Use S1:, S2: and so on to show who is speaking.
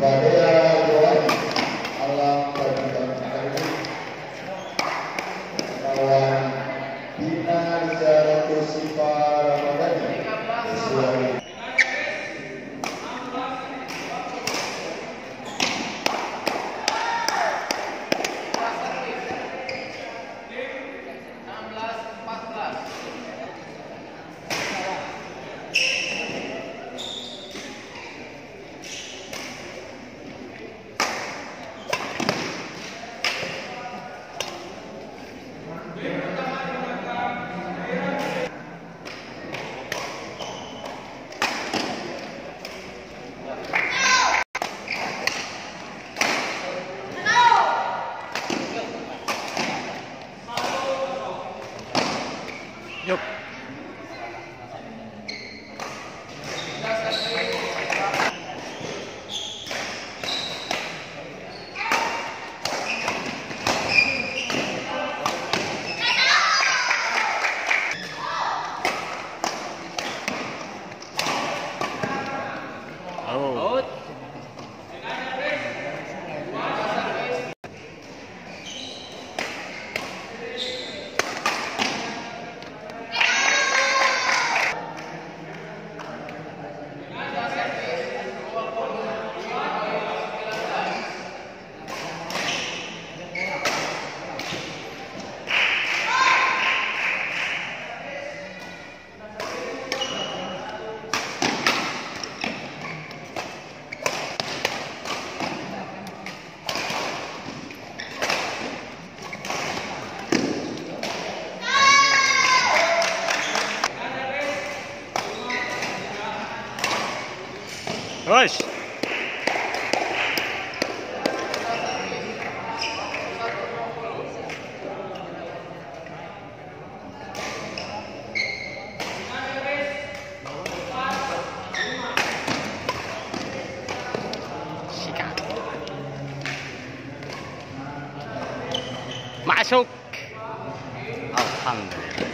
S1: và cái
S2: 아이씨
S3: 마속 아우 안 돼.